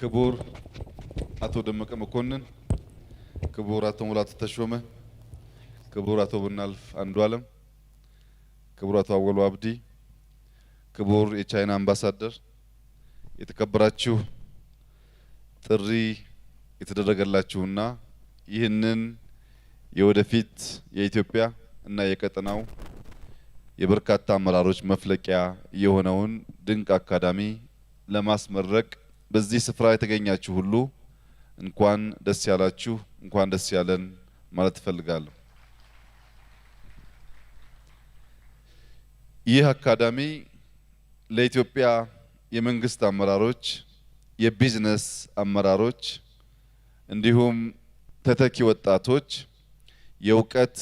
ክቡር አቶ ደመቀ መኮንን፣ ክቡር አቶ ሙላቱ ተሾመ፣ ክቡር አቶ ብናልፍ አንዱ አለም፣ ክቡር አቶ አወሉ አብዲ፣ ክቡር የቻይና አምባሳደር፣ የተከበራችሁ ጥሪ የተደረገላችሁና ይህንን የወደፊት የኢትዮጵያ እና የቀጠናው የበርካታ አመራሮች መፍለቂያ የሆነውን ድንቅ አካዳሚ ለማስመረቅ በዚህ ስፍራ የተገኛችሁ ሁሉ እንኳን ደስ ያላችሁ፣ እንኳን ደስ ያለን ማለት እፈልጋለሁ። ይህ አካዳሚ ለኢትዮጵያ የመንግስት አመራሮች፣ የቢዝነስ አመራሮች እንዲሁም ተተኪ ወጣቶች የእውቀት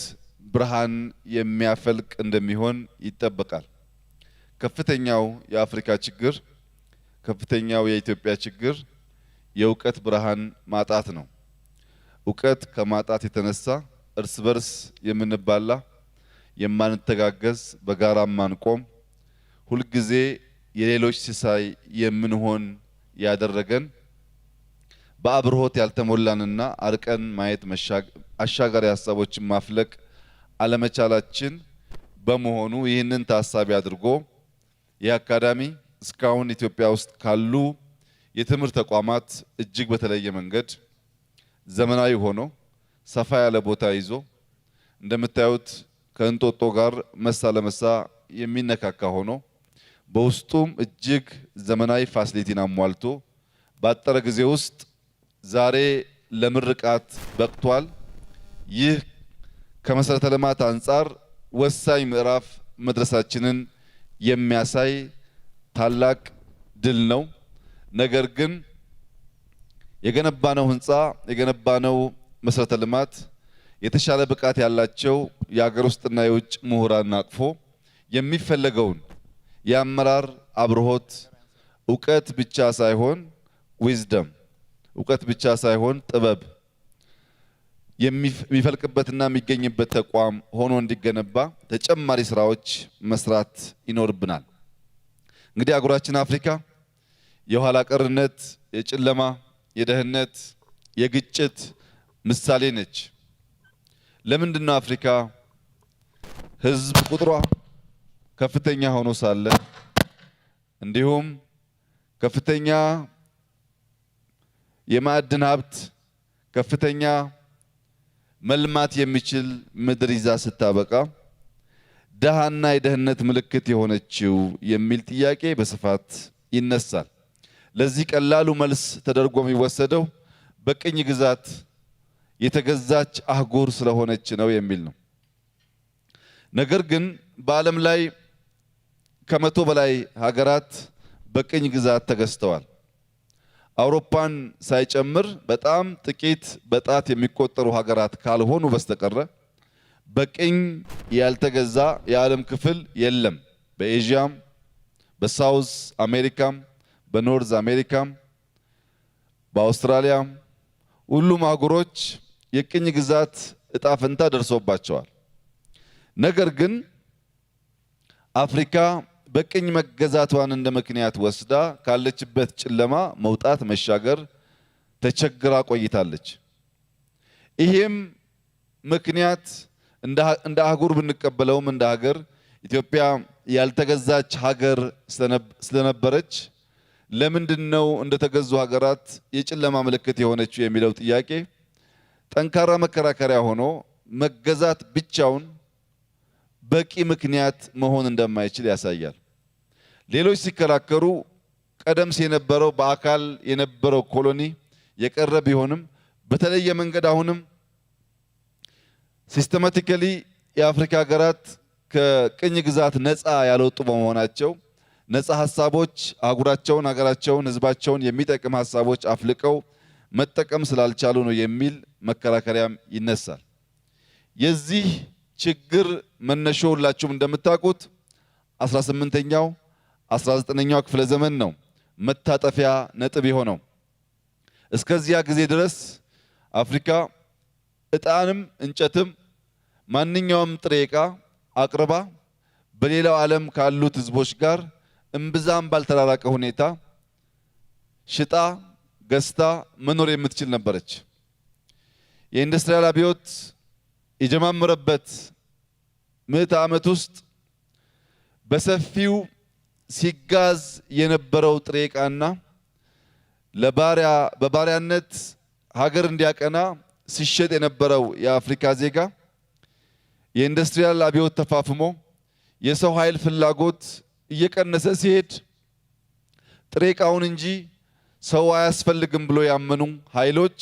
ብርሃን የሚያፈልቅ እንደሚሆን ይጠበቃል። ከፍተኛው የአፍሪካ ችግር ከፍተኛው የኢትዮጵያ ችግር የእውቀት ብርሃን ማጣት ነው። እውቀት ከማጣት የተነሳ እርስ በርስ የምንባላ፣ የማንተጋገዝ፣ በጋራ ማንቆም፣ ሁልጊዜ የሌሎች ሲሳይ የምንሆን ያደረገን በአብርሆት ያልተሞላንና አርቀን ማየት አሻጋሪ ሀሳቦችን ማፍለቅ አለመቻላችን በመሆኑ ይህንን ታሳቢ አድርጎ የአካዳሚ እስካሁን ኢትዮጵያ ውስጥ ካሉ የትምህርት ተቋማት እጅግ በተለየ መንገድ ዘመናዊ ሆኖ ሰፋ ያለ ቦታ ይዞ እንደምታዩት ከእንጦጦ ጋር መሳ ለመሳ የሚነካካ ሆኖ በውስጡም እጅግ ዘመናዊ ፋሲሊቲን አሟልቶ ባጠረ ጊዜ ውስጥ ዛሬ ለምርቃት በቅቷል። ይህ ከመሰረተ ልማት አንጻር ወሳኝ ምዕራፍ መድረሳችንን የሚያሳይ ታላቅ ድል ነው። ነገር ግን የገነባነው ህንፃ የገነባነው መሰረተ ልማት የተሻለ ብቃት ያላቸው የሀገር ውስጥና የውጭ ምሁራን አቅፎ የሚፈለገውን የአመራር አብርሆት እውቀት ብቻ ሳይሆን ዊዝደም እውቀት ብቻ ሳይሆን ጥበብ የሚፈልቅበትና የሚገኝበት ተቋም ሆኖ እንዲገነባ ተጨማሪ ስራዎች መስራት ይኖርብናል። እንግዲህ አህጉራችን አፍሪካ የኋላ ቀርነት፣ የጨለማ፣ የደህንነት፣ የግጭት ምሳሌ ነች። ለምንድን ነው አፍሪካ ህዝብ ቁጥሯ ከፍተኛ ሆኖ ሳለ እንዲሁም ከፍተኛ የማዕድን ሀብት ከፍተኛ መልማት የሚችል ምድር ይዛ ስታበቃ ደሃና የደህንነት ምልክት የሆነችው የሚል ጥያቄ በስፋት ይነሳል። ለዚህ ቀላሉ መልስ ተደርጎ የሚወሰደው በቅኝ ግዛት የተገዛች አህጉር ስለሆነች ነው የሚል ነው። ነገር ግን በዓለም ላይ ከመቶ በላይ ሀገራት በቅኝ ግዛት ተገዝተዋል። አውሮፓን ሳይጨምር በጣም ጥቂት በጣት የሚቆጠሩ ሀገራት ካልሆኑ በስተቀረ በቅኝ ያልተገዛ የዓለም ክፍል የለም። በኤዥያም፣ በሳውዝ አሜሪካም፣ በኖርዝ አሜሪካም፣ በአውስትራሊያም ሁሉም አህጉሮች የቅኝ ግዛት እጣ ፈንታ ደርሶባቸዋል። ነገር ግን አፍሪካ በቅኝ መገዛቷን እንደ ምክንያት ወስዳ ካለችበት ጨለማ መውጣት መሻገር ተቸግራ ቆይታለች። ይሄም ምክንያት እንደ አህጉር ብንቀበለውም እንደ ሀገር ኢትዮጵያ ያልተገዛች ሀገር ስለነበረች ለምንድን ነው እንደተገዙ ሀገራት የጨለማ ምልክት የሆነችው የሚለው ጥያቄ ጠንካራ መከራከሪያ ሆኖ መገዛት ብቻውን በቂ ምክንያት መሆን እንደማይችል ያሳያል። ሌሎች ሲከራከሩ ቀደም ሲል የነበረው በአካል የነበረው ኮሎኒ የቀረ ቢሆንም በተለየ መንገድ አሁንም ሲስተማቲካሊ የአፍሪካ ሀገራት ከቅኝ ግዛት ነፃ ያልወጡ በመሆናቸው ነፃ ሀሳቦች አህጉራቸውን፣ ሀገራቸውን፣ ህዝባቸውን የሚጠቅም ሀሳቦች አፍልቀው መጠቀም ስላልቻሉ ነው የሚል መከራከሪያም ይነሳል። የዚህ ችግር መነሾ ሁላችሁም እንደምታውቁት 18ኛው 19ኛው ክፍለ ዘመን ነው መታጠፊያ ነጥብ የሆነው። እስከዚያ ጊዜ ድረስ አፍሪካ እጣንም እንጨትም ማንኛውም ጥሬ ዕቃ አቅርባ በሌላው ዓለም ካሉት ህዝቦች ጋር እምብዛም ባልተራራቀ ሁኔታ ሽጣ ገዝታ መኖር የምትችል ነበረች። የኢንዱስትሪያል አብዮት የጀማመረበት ምዕተ ዓመት ውስጥ በሰፊው ሲጋዝ የነበረው ጥሬ ዕቃና ለባሪያ በባሪያነት ሀገር እንዲያቀና ሲሸጥ የነበረው የአፍሪካ ዜጋ የኢንዱስትሪያል አብዮት ተፋፍሞ የሰው ኃይል ፍላጎት እየቀነሰ ሲሄድ ጥሬ ዕቃውን እንጂ ሰው አያስፈልግም ብሎ ያመኑ ኃይሎች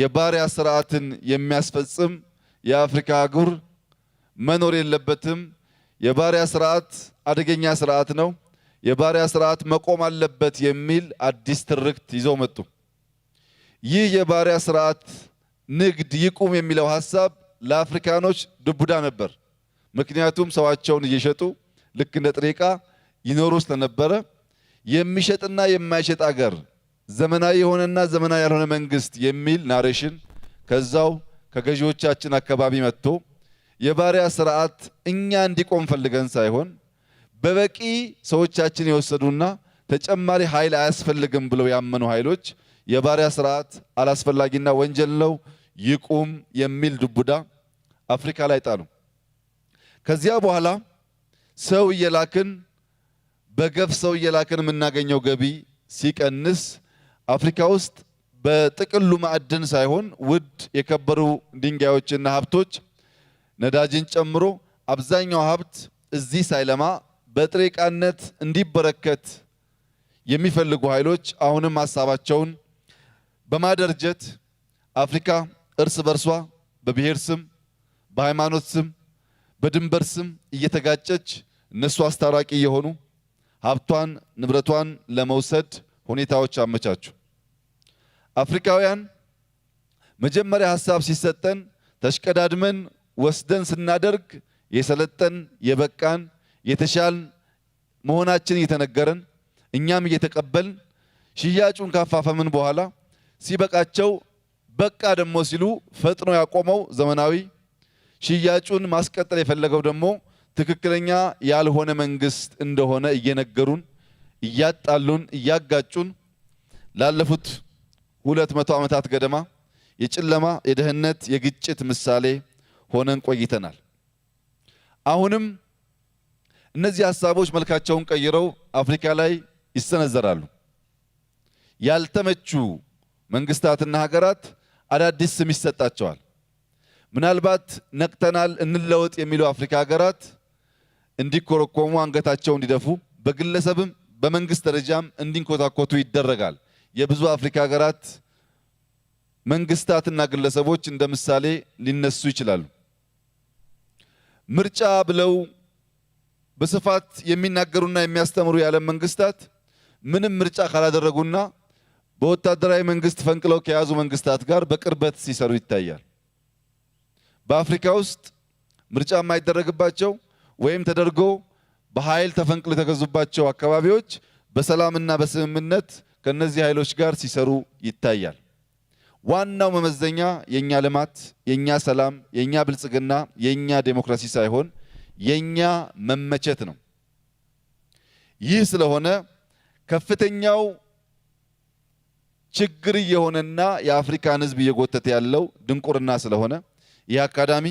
የባሪያ ስርዓትን የሚያስፈጽም የአፍሪካ አህጉር መኖር የለበትም። የባሪያ ስርዓት አደገኛ ስርዓት ነው፣ የባሪያ ስርዓት መቆም አለበት የሚል አዲስ ትርክት ይዘው መጡ። ይህ የባሪያ ስርዓት ንግድ ይቁም የሚለው ሀሳብ ለአፍሪካኖች ድቡዳ ነበር። ምክንያቱም ሰዋቸውን እየሸጡ ልክ እንደ ጥሬ ዕቃ ይኖሩ ስለነበረ የሚሸጥና የማይሸጥ አገር፣ ዘመናዊ የሆነና ዘመናዊ ያልሆነ መንግስት የሚል ናሬሽን ከዛው ከገዢዎቻችን አካባቢ መጥቶ የባሪያ ስርዓት እኛ እንዲቆም ፈልገን ሳይሆን በበቂ ሰዎቻችን የወሰዱና ተጨማሪ ኃይል አያስፈልግም ብለው ያመኑ ኃይሎች የባሪያ ስርዓት አላስፈላጊና ወንጀል ነው ይቁም የሚል ዱቡዳ አፍሪካ ላይ ጣሉ። ከዚያ በኋላ ሰው እየላክን በገፍ ሰው እየላክን የምናገኘው ገቢ ሲቀንስ አፍሪካ ውስጥ በጥቅሉ ማዕድን ሳይሆን ውድ የከበሩ ድንጋዮችና ሀብቶች ነዳጅን ጨምሮ አብዛኛው ሀብት እዚህ ሳይለማ በጥሬ ዕቃነት እንዲበረከት የሚፈልጉ ኃይሎች አሁንም ሀሳባቸውን በማደርጀት አፍሪካ እርስ በርሷ በብሔር ስም፣ በሃይማኖት ስም፣ በድንበር ስም እየተጋጨች እነሱ አስታራቂ የሆኑ ሀብቷን ንብረቷን ለመውሰድ ሁኔታዎች አመቻቹ። አፍሪካውያን መጀመሪያ ሀሳብ ሲሰጠን ተሽቀዳድመን ወስደን ስናደርግ የሰለጠን የበቃን የተሻል መሆናችን እየተነገረን እኛም እየተቀበልን ሽያጩን ካፋፈምን በኋላ ሲበቃቸው በቃ ደግሞ ሲሉ ፈጥኖ ያቆመው ዘመናዊ፣ ሽያጩን ማስቀጠል የፈለገው ደግሞ ትክክለኛ ያልሆነ መንግስት እንደሆነ እየነገሩን እያጣሉን እያጋጩን ላለፉት ሁለት መቶ ዓመታት ገደማ የጨለማ የደህንነት የግጭት ምሳሌ ሆነን ቆይተናል። አሁንም እነዚህ ሀሳቦች መልካቸውን ቀይረው አፍሪካ ላይ ይሰነዘራሉ። ያልተመቹ መንግስታትና ሀገራት አዳዲስ ስም ይሰጣቸዋል። ምናልባት ነቅተናል እንለወጥ የሚሉ አፍሪካ ሀገራት እንዲኮረኮሙ፣ አንገታቸው እንዲደፉ፣ በግለሰብም በመንግስት ደረጃም እንዲንኮታኮቱ ይደረጋል። የብዙ አፍሪካ ሀገራት መንግስታትና ግለሰቦች እንደ ምሳሌ ሊነሱ ይችላሉ። ምርጫ ብለው በስፋት የሚናገሩና የሚያስተምሩ የዓለም መንግስታት ምንም ምርጫ ካላደረጉና በወታደራዊ መንግስት ፈንቅለው ከያዙ መንግስታት ጋር በቅርበት ሲሰሩ ይታያል። በአፍሪካ ውስጥ ምርጫ የማይደረግባቸው ወይም ተደርጎ በኃይል ተፈንቅለው የተገዙባቸው አካባቢዎች በሰላምና በስምምነት ከነዚህ ኃይሎች ጋር ሲሰሩ ይታያል። ዋናው መመዘኛ የኛ ልማት፣ የኛ ሰላም፣ የኛ ብልጽግና፣ የኛ ዴሞክራሲ ሳይሆን የኛ መመቸት ነው። ይህ ስለሆነ ከፍተኛው ችግር እየሆነና የአፍሪካን ህዝብ እየጎተተ ያለው ድንቁርና ስለሆነ ይህ አካዳሚ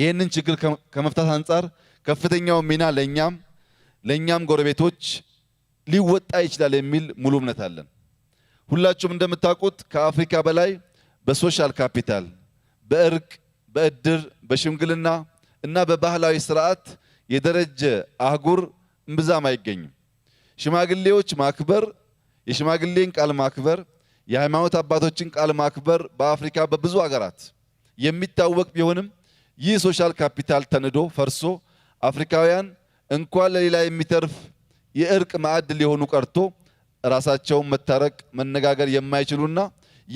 ይህንን ችግር ከመፍታት አንጻር ከፍተኛውን ሚና ለእኛም ለእኛም ጎረቤቶች ሊወጣ ይችላል የሚል ሙሉ እምነት አለን። ሁላችሁም እንደምታውቁት ከአፍሪካ በላይ በሶሻል ካፒታል፣ በእርቅ፣ በእድር፣ በሽምግልና እና በባህላዊ ስርዓት የደረጀ አህጉር እምብዛም አይገኝም። ሽማግሌዎች ማክበር የሽማግሌን ቃል ማክበር፣ የሃይማኖት አባቶችን ቃል ማክበር በአፍሪካ በብዙ ሀገራት የሚታወቅ ቢሆንም ይህ ሶሻል ካፒታል ተንዶ ፈርሶ አፍሪካውያን እንኳን ለሌላ የሚተርፍ የእርቅ ማዕድ ሊሆኑ ቀርቶ ራሳቸውን መታረቅ፣ መነጋገር የማይችሉና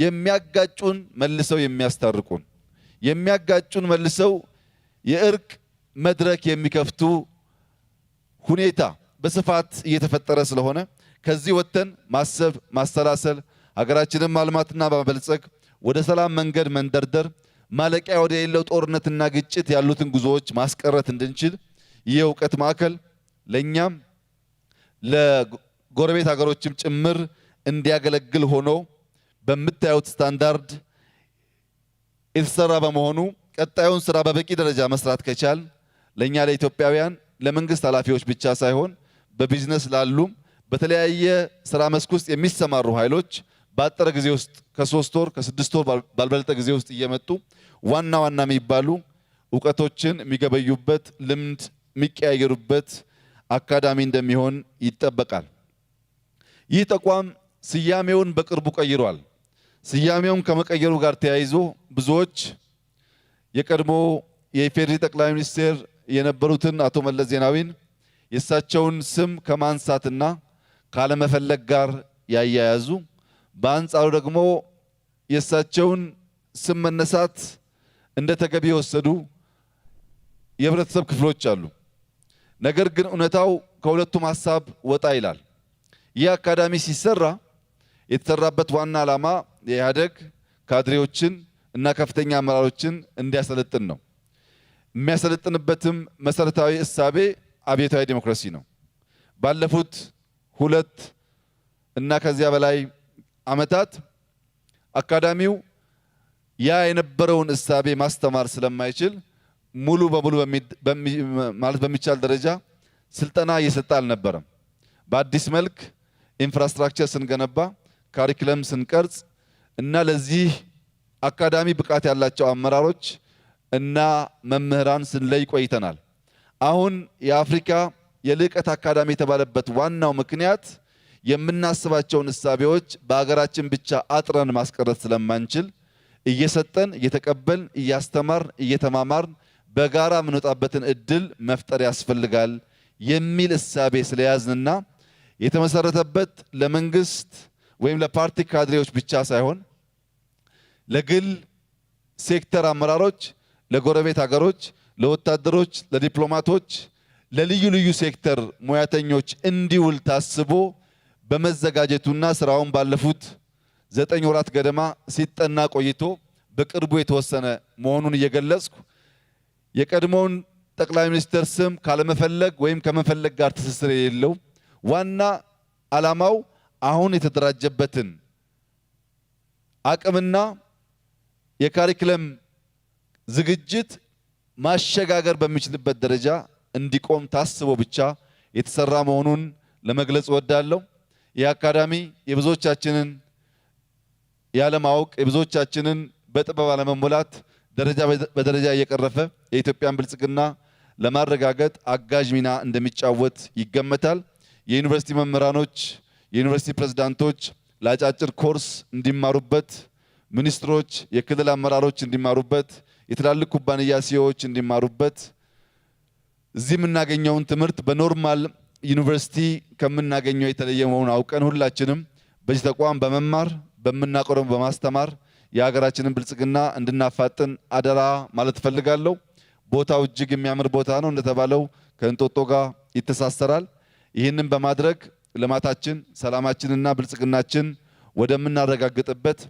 የሚያጋጩን መልሰው የሚያስታርቁን የሚያጋጩን መልሰው የእርቅ መድረክ የሚከፍቱ ሁኔታ በስፋት እየተፈጠረ ስለሆነ ከዚህ ወጥተን ማሰብ፣ ማሰላሰል፣ ሀገራችንን ማልማትና ማበልጸግ፣ ወደ ሰላም መንገድ መንደርደር፣ ማለቂያ ወደ የለው ጦርነትና ግጭት ያሉትን ጉዞዎች ማስቀረት እንድንችል ይህ እውቀት ማዕከል ለእኛም ለጎረቤት ሀገሮችም ጭምር እንዲያገለግል ሆኖ በምታዩት ስታንዳርድ የተሰራ በመሆኑ ቀጣዩን ስራ በበቂ ደረጃ መስራት ከቻል ለእኛ ለኢትዮጵያውያን ለመንግስት ኃላፊዎች ብቻ ሳይሆን በቢዝነስ ላሉም በተለያየ ስራ መስክ ውስጥ የሚሰማሩ ኃይሎች በአጠረ ጊዜ ውስጥ ከሶስት ወር ከስድስት ወር ባልበለጠ ጊዜ ውስጥ እየመጡ ዋና ዋና የሚባሉ እውቀቶችን የሚገበዩበት ልምድ የሚቀያየሩበት አካዳሚ እንደሚሆን ይጠበቃል። ይህ ተቋም ስያሜውን በቅርቡ ቀይሯል። ስያሜውን ከመቀየሩ ጋር ተያይዞ ብዙዎች የቀድሞ የኢፌዴሪ ጠቅላይ ሚኒስቴር የነበሩትን አቶ መለስ ዜናዊን የእሳቸውን ስም ከማንሳትና ካለመፈለግ ጋር ያያያዙ፣ በአንጻሩ ደግሞ የእሳቸውን ስም መነሳት እንደ ተገቢ የወሰዱ የህብረተሰብ ክፍሎች አሉ። ነገር ግን እውነታው ከሁለቱም ሀሳብ ወጣ ይላል። ይህ አካዳሚ ሲሰራ የተሰራበት ዋና ዓላማ የኢህአደግ ካድሬዎችን እና ከፍተኛ አመራሮችን እንዲያሰለጥን ነው። የሚያሰለጥንበትም መሰረታዊ እሳቤ አብዮታዊ ዴሞክራሲ ነው። ባለፉት ሁለት እና ከዚያ በላይ ዓመታት አካዳሚው ያ የነበረውን እሳቤ ማስተማር ስለማይችል ሙሉ በሙሉ ማለት በሚቻል ደረጃ ስልጠና እየሰጠ አልነበረም። በአዲስ መልክ ኢንፍራስትራክቸር ስንገነባ፣ ካሪክለም ስንቀርጽ እና ለዚህ አካዳሚ ብቃት ያላቸው አመራሮች እና መምህራን ስንለይ ቆይተናል። አሁን የአፍሪካ የልዕቀት አካዳሚ የተባለበት ዋናው ምክንያት የምናስባቸውን እሳቤዎች በሀገራችን ብቻ አጥረን ማስቀረት ስለማንችል እየሰጠን እየተቀበልን እያስተማርን እየተማማርን በጋራ የምንወጣበትን እድል መፍጠር ያስፈልጋል የሚል እሳቤ ስለያዝንና የተመሰረተበት ለመንግስት ወይም ለፓርቲ ካድሬዎች ብቻ ሳይሆን ለግል ሴክተር አመራሮች፣ ለጎረቤት ሀገሮች፣ ለወታደሮች፣ ለዲፕሎማቶች ለልዩ ልዩ ሴክተር ሙያተኞች እንዲውል ታስቦ በመዘጋጀቱና ስራውን ባለፉት ዘጠኝ ወራት ገደማ ሲጠና ቆይቶ በቅርቡ የተወሰነ መሆኑን እየገለጽኩ የቀድሞውን ጠቅላይ ሚኒስትር ስም ካለመፈለግ ወይም ከመፈለግ ጋር ትስስር የሌለው ዋና ዓላማው አሁን የተደራጀበትን አቅምና የካሪክለም ዝግጅት ማሸጋገር በሚችልበት ደረጃ እንዲቆም ታስቦ ብቻ የተሰራ መሆኑን ለመግለጽ እወዳለሁ። ይህ አካዳሚ የብዙዎቻችንን ያለማወቅ የብዙዎቻችንን በጥበብ አለመሞላት ደረጃ በደረጃ እየቀረፈ የኢትዮጵያን ብልጽግና ለማረጋገጥ አጋዥ ሚና እንደሚጫወት ይገመታል። የዩኒቨርሲቲ መምህራኖች፣ የዩኒቨርሲቲ ፕሬዝዳንቶች ለአጫጭር ኮርስ እንዲማሩበት፣ ሚኒስትሮች፣ የክልል አመራሮች እንዲማሩበት፣ የትላልቅ ኩባንያ ሲኢኦዎች እንዲማሩበት እዚህ የምናገኘውን ትምህርት በኖርማል ዩኒቨርሲቲ ከምናገኘው የተለየ መሆኑን አውቀን ሁላችንም በዚህ ተቋም በመማር በምናቀረው በማስተማር የሀገራችንን ብልጽግና እንድናፋጥን አደራ ማለት እፈልጋለሁ። ቦታው እጅግ የሚያምር ቦታ ነው። እንደተባለው ከእንጦጦ ጋር ይተሳሰራል። ይህንን በማድረግ ልማታችን፣ ሰላማችንና ብልጽግናችን ወደምናረጋግጥበት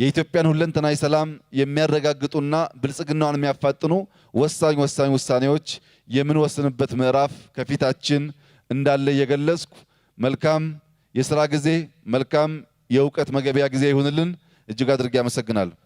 የኢትዮጵያን ሁለንተናዊ ሰላም የሚያረጋግጡና ብልጽግናዋን የሚያፋጥኑ ወሳኝ ወሳኝ ውሳኔዎች የምንወስንበት ምዕራፍ ከፊታችን እንዳለ እየገለጽኩ መልካም የስራ ጊዜ፣ መልካም የእውቀት መገበያ ጊዜ ይሁንልን። እጅግ አድርጌ አመሰግናለሁ።